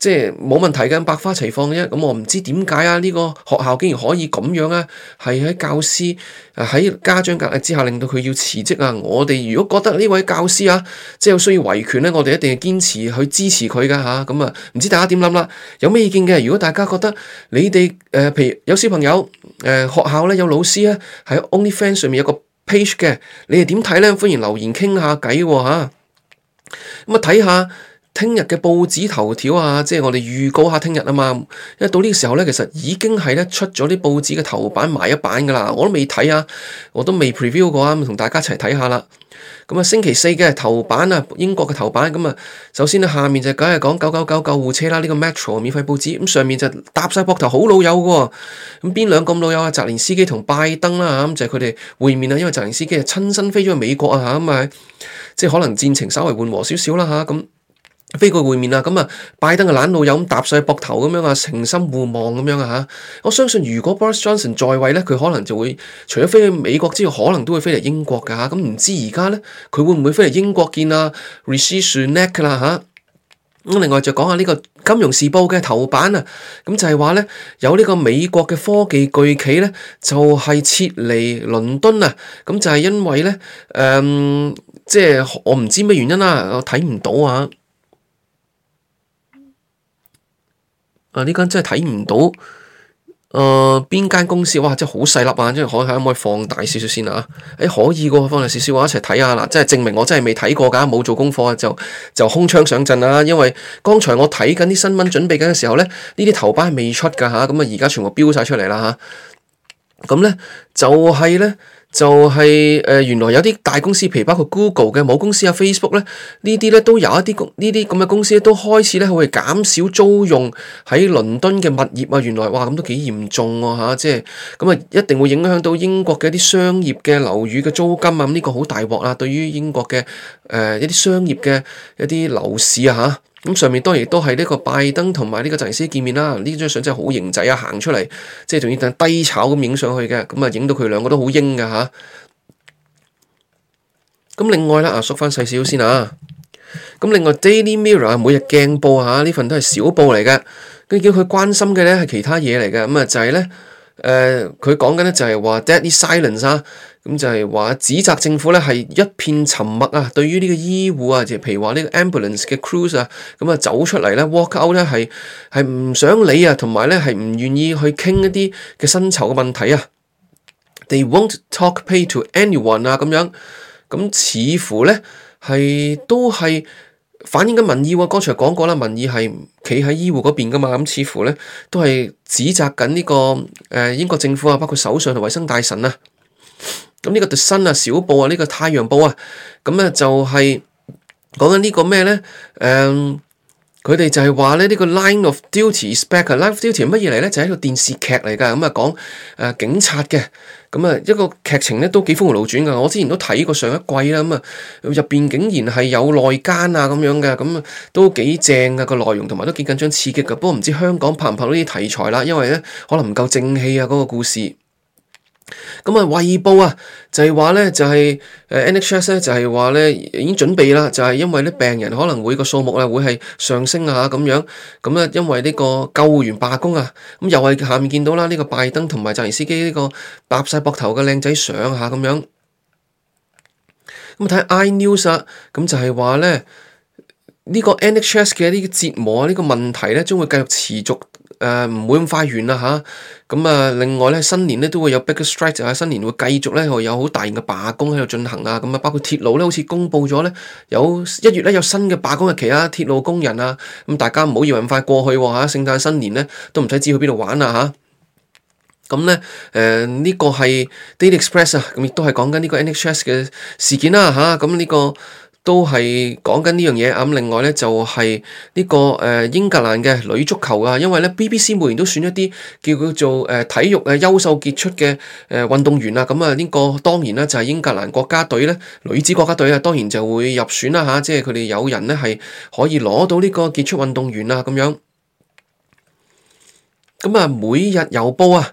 即係冇問題嘅百花齊放啫。咁我唔知點解啊，呢個學校竟然可以咁樣啊？係喺教師喺家長壓力之下，令到佢要辭職啊！我哋如果覺得呢位教師啊，即係有需要維權咧，我哋一定係堅持去。支持佢噶吓，咁啊唔、嗯、知大家點諗啦？有咩意見嘅？如果大家覺得你哋誒、呃，譬如有小朋友誒、呃，學校咧有老師咧喺 OnlyFans 上面有個 page 嘅，你哋點睇咧？歡迎留言傾下偈吓，咁啊睇下。嗯看看聽日嘅報紙頭條啊，即係我哋預告下聽日啊嘛，因為到呢個時候咧，其實已經係咧出咗啲報紙嘅頭版埋一版噶啦，我都未睇啊，我都未 preview 過啊，咁同大家一齊睇下啦。咁、嗯、啊，星期四嘅頭版啊，英國嘅頭版，咁、嗯、啊，首先咧，下面就梗係講九九九救護車啦，呢、這個 Metro 免費報紙，咁、嗯、上面就搭晒膊頭好老友噶，咁、嗯、邊兩個咁老友啊，澤連斯基同拜登啦，咁、嗯、就佢、是、哋會面啊，因為澤連斯基啊親身飛咗去美國啊，吓咁咪即係可能戰情稍微緩和少少啦，吓、啊、咁。嗯嗯飛過去會面啦，咁啊，拜登嘅懶老友咁搭上膊頭咁樣啊，情深互望咁樣啊吓，我相信如果 Boris Johnson 在位咧，佢可能就會除咗飛去美國之外，可能都會飛嚟英國噶吓，咁、啊、唔知而家咧，佢會唔會飛嚟英國見啊 Rishi Sunak 啦吓，咁另外就講下呢個《金融時報》嘅頭版啊，咁就係話咧，有呢個美國嘅科技巨企咧，就係、是、撤離倫敦啊，咁就係因為咧，誒、嗯，即、就、係、是、我唔知咩原因啦，我睇唔到啊。呢、啊、間真係睇唔到，誒、呃，邊間公司哇？真係好細粒啊！即係可唔可以放大少少先啊？誒，可以噶，放大少少，我一齊睇下嗱，即、啊、係證明我真係未睇過噶，冇做功課就就空槍上陣啦。因為剛才我睇緊啲新聞，準備緊嘅時候咧，呢啲頭版係未出噶吓，咁啊而家、嗯、全部標晒出嚟啦吓。咁、啊、咧、啊、就係、是、咧。就係、是、誒、呃、原來有啲大公司譬如包括 Google 嘅，某公司啊 Facebook 咧，呢啲咧都有一啲呢啲咁嘅公司咧，都開始咧會減少租用喺倫敦嘅物業啊！原來哇咁都幾嚴重喎吓，即係咁啊，一定會影響到英國嘅一啲商業嘅樓宇嘅租金啊！咁、嗯、呢、這個好大鑊啊！對於英國嘅誒、呃、一啲商業嘅一啲樓市啊嚇。咁上面當然都係呢個拜登同埋呢個習近平見面啦，呢張相真係好型仔啊，行出嚟即係仲要等低炒咁影上去嘅，咁啊影到佢兩個都好英㗎吓。咁、啊、另外啦，縮翻細少少先啊。咁、啊、另外 Daily Mirror 每日鏡報吓，呢、啊、份都係小報嚟嘅。跟住叫佢關心嘅咧係其他嘢嚟嘅，咁啊就係、是、咧。誒佢講緊咧就係話 deadly silence 啊，咁、嗯、就係、是、話指責政府咧係一片沉默啊，對於呢個醫護啊，即係譬如話呢個 ambulance 嘅 crews 啊，咁、嗯、啊走出嚟咧 walk out 咧係係唔想理啊，同埋咧係唔願意去傾一啲嘅薪酬嘅問題啊，they won't talk pay to anyone 啊，咁樣咁、嗯、似乎咧係都係反映緊民意喎、啊。剛才講過啦，民意係。企喺醫護嗰邊噶嘛，咁似乎咧都係指責緊呢、這個誒、呃、英國政府啊，包括首相同衞生大臣啊，咁、嗯、呢、這個特森啊、小報啊、呢、這個太陽報啊，咁、嗯、咧就係、是、講緊呢個咩咧？誒、嗯。佢哋就係話呢、呢個 Line of Duty，respect Line of Duty 係乜嘢嚟咧？就係、係、一個電視劇嚟㗎，咁、嗯、啊講誒、呃、警察嘅，咁、嗯、啊一個劇情咧都幾峰迴路轉㗎。我之前都睇過上一季啦，咁啊入邊竟然係有內奸啊咁樣嘅，咁、嗯、啊都幾正啊個內容，同埋都幾緊張刺激㗎。不過唔知香港拍唔拍到呢啲題材啦，因為咧可能唔夠正氣啊嗰、嗰個故事。咁啊，衛報啊，就係話咧，就係、是、誒，NHS 咧，就係話咧，已經準備啦，就係、是、因為咧，病人可能會個數目咧，會係上升啊，咁樣，咁咧，因為呢個救護員罷工啊，咁又係下面見到啦，呢、這個拜登同埋澤連斯基呢個搭晒膊頭嘅靚仔相吓，咁樣，咁睇 I News 啊，咁就係話咧，呢、這個 NHS 嘅呢個折磨，呢、這個問題咧，將會繼續持續。誒，唔、呃、會咁快完啦、啊、吓，咁啊，另外咧，新年咧都會有 bigger strikes 啊，新年會繼續咧，會有好大型嘅罷工喺度進行啊，咁啊，包括鐵路咧，好似公布咗咧，有一月咧有新嘅罷工日期啊，鐵路工人啊，咁、啊、大家唔好以為咁快過去吓、啊，聖、啊、誕新年咧都唔使知去邊度玩啊吓，咁、啊、咧，誒、呃、呢、這個係 Daily Express 啊，咁亦都係講緊呢個 NHS 嘅事件啦、啊、吓，咁、啊、呢、嗯這個。都係講緊呢樣嘢，咁另外呢，就係呢個誒英格蘭嘅女足球啊，因為呢 BBC 每年都選一啲叫做做誒體育誒優秀傑出嘅誒運動員啊，咁啊呢個當然啦就係英格蘭國家隊呢，女子國家隊啊，當然就會入選啦吓，即係佢哋有人呢係可以攞到呢個傑出運動員啊咁樣，咁啊每日郵報啊。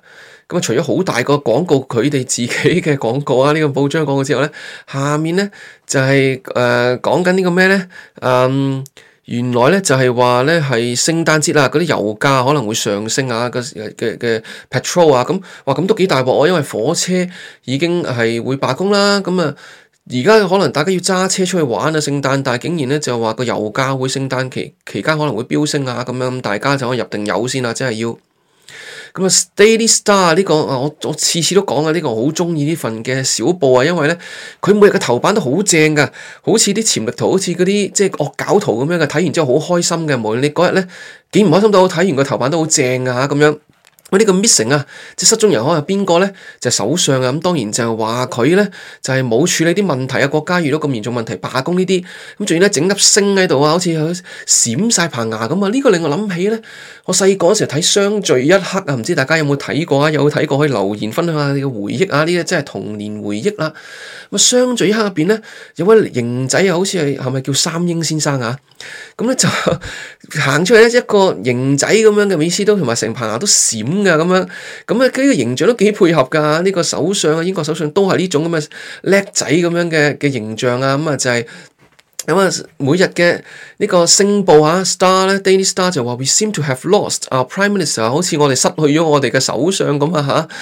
咁除咗好大個廣告，佢哋自己嘅廣告啊，呢、這個報章廣告之外咧，下面咧就係、是、誒、呃、講緊呢個咩咧？嗯、呃，原來咧就係話咧係聖誕節啊，嗰啲油價可能會上升啊，個嘅嘅 petrol 啊，咁哇，咁都幾大鑊哦！因為火車已經係會罷工啦，咁啊，而家可能大家要揸車出去玩啊，聖誕，但係竟然咧就話個油價會聖誕期期間可能會飆升啊，咁樣大家就可以入定油先啦，即係要。咁啊 Daily Star 呢個啊，我次次都講啊，呢個好中意呢份嘅小報啊，因為咧佢每日嘅頭版都好正㗎，好似啲潛力圖，好似嗰啲即係惡搞圖咁樣嘅，睇完之後好開心嘅。無論你嗰日咧幾唔開心都好，睇完個頭版都好正啊咁樣。我呢個 missing 啊，即失蹤人可能係邊個咧？就係首相啊，咁當然就係話佢咧就係、是、冇處理啲問題啊。國家遇到咁嚴重問題，罷工呢啲，咁仲要咧整粒星喺度啊，好似有閃晒棚牙咁啊！呢、這個令我諗起咧，我細個嗰時候睇《相聚一刻》啊，唔知大家有冇睇過啊？有睇過可以留言分享下你嘅回憶啊！呢啲真係童年回憶啦。咁《相聚一刻》入邊咧有位型仔啊，好似係係咪叫三鷹先生啊？咁咧就行 出嚟咧，一個型仔咁樣嘅美斯都同埋成棚牙都閃。咁嘅咁樣，咁啊佢個形象都幾配合㗎。呢個首相啊，英國首相都係呢種咁嘅叻仔咁樣嘅嘅形象、就是、啊。咁啊就係咁啊，每日嘅呢個星報啊，Star 咧 Daily Star 就話 We seem to have lost our prime minister，好似我哋失去咗我哋嘅首相咁啊吓。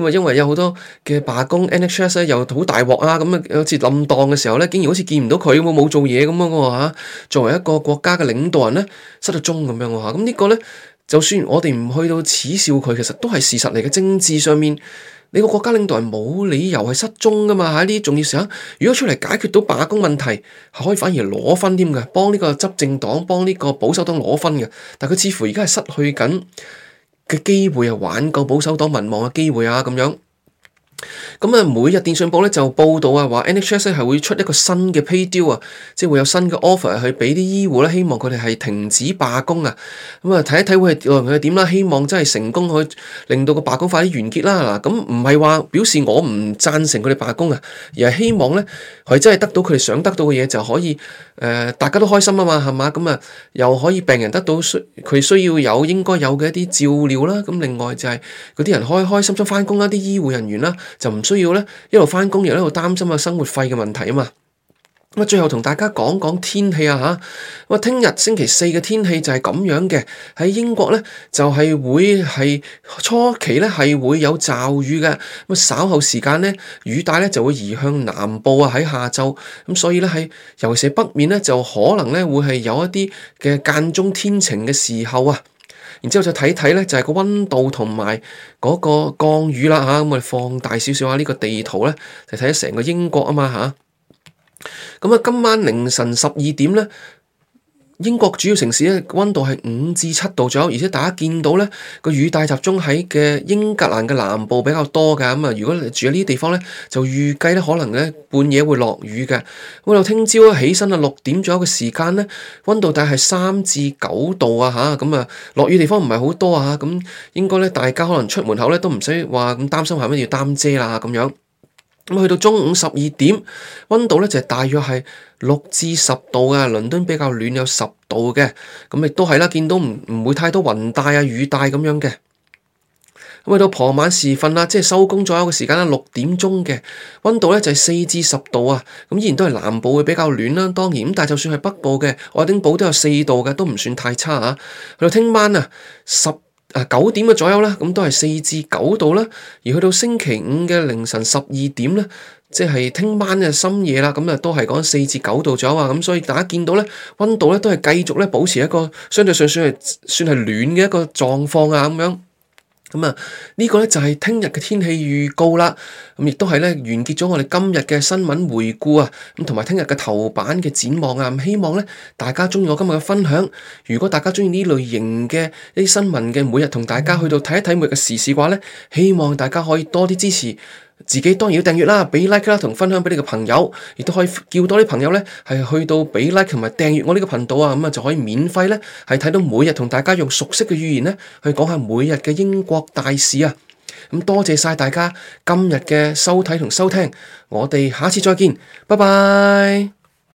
咁啊因為有好多嘅罷工，NHS 咧又大好大鑊啊。咁啊好似冧檔嘅時候咧，竟然好似見唔到佢，冇冇做嘢咁啊我話吓，作為一個國家嘅領導人咧，失咗蹤咁樣吓。咁、啊這個、呢個咧。就算我哋唔去到恥笑佢，其實都係事實嚟嘅。政治上面，你個國家領導人冇理由係失蹤㗎嘛。喺呢啲重要時刻，如果出嚟解決到罷工問題，係可以反而攞分添嘅，幫呢個執政黨，幫呢個保守黨攞分嘅。但佢似乎而家係失去緊嘅機會啊，挽救保守黨民望嘅機會啊，咁樣。咁啊，每日電訊報咧就報道啊，話 NHS 係會出一個新嘅 pay deal 啊，即係會有新嘅 offer 去俾啲醫護咧，希望佢哋係停止罷工啊。咁啊，睇一睇會係點啦，希望真係成功去令到個罷工快啲完結啦。嗱，咁唔係話表示我唔贊成佢哋罷工啊，而係希望咧佢真係得到佢哋想得到嘅嘢就可以誒、呃，大家都開心啊嘛，係嘛，咁啊又可以病人得到需佢需要有應該有嘅一啲照料啦。咁另外就係嗰啲人開開心心翻工啦，啲醫護人員啦。就唔需要咧，一路返工又一路擔心生活費嘅問題啊嘛。咁啊，最後同大家講講天氣啊嚇。咁聽日星期四嘅天氣就係咁樣嘅，喺英國咧就係會係初期咧係會有驟雨嘅。咁稍後時間咧雨帶咧就會移向南部啊，喺下晝咁，所以咧喺尤其是北面咧就可能咧會係有一啲嘅間中天晴嘅時候啊。然之後就睇睇咧，就係個溫度同埋嗰個降雨啦吓，咁、啊嗯、我哋放大少少啊，呢、呢個地圖咧就睇咗成個英國啊嘛吓，咁啊、嗯、今晚凌晨十二點咧。英國主要城市咧温度係五至七度左右，而且大家見到呢個雨帶集中喺嘅英格蘭嘅南部比較多噶，咁、嗯、啊，如果你住喺呢啲地方呢，就預計咧可能咧半夜會落雨嘅。咁到聽朝起身啊六點左右嘅時間呢，温度大概係三至九度啊吓，咁啊落雨地方唔係好多啊，咁、啊、應該咧大家可能出門口呢都唔使話咁擔心，係乜嘢要擔遮啦咁、啊、樣。咁去到中午十二點，溫度咧就係、是、大約係六至十度啊。倫敦比較暖，有十度嘅，咁亦都係啦，見到唔唔會太多雲帶啊、雨帶咁樣嘅。咁去到傍晚時分啦，即係收工左右嘅時間啦，六點鐘嘅，溫度咧就係、是、四至十度啊，咁依然都係南部會比較暖啦。當然咁，但係就算係北部嘅愛丁堡都有四度嘅，都唔算太差啊。去到聽晚啊，十。啊，九點嘅左右啦，咁都係四至九度啦。而去到星期五嘅凌晨十二點咧，即係聽晚嘅深夜啦，咁啊都係講四至九度左右啊。咁所以大家見到咧，溫度咧都係繼續咧保持一個相對上算係算係暖嘅一個狀況啊，咁樣。咁啊，呢個咧就係聽日嘅天氣預告啦。咁亦都係咧完結咗我哋今日嘅新聞回顧啊。咁同埋聽日嘅頭版嘅展望啊。咁希望咧大家中意我今日嘅分享。如果大家中意呢類型嘅一啲新聞嘅每日同大家去到睇一睇每日嘅時事嘅話咧，希望大家可以多啲支持。自己當然要訂閱啦，俾 like 啦，同分享俾你嘅朋友，亦都可以叫多啲朋友咧，係去到俾 like 同埋訂閱我呢個頻道啊，咁啊就可以免費咧，係睇到每日同大家用熟悉嘅語言咧，去講下每日嘅英國大事啊！咁多謝晒大家今日嘅收睇同收聽，我哋下次再見，拜拜。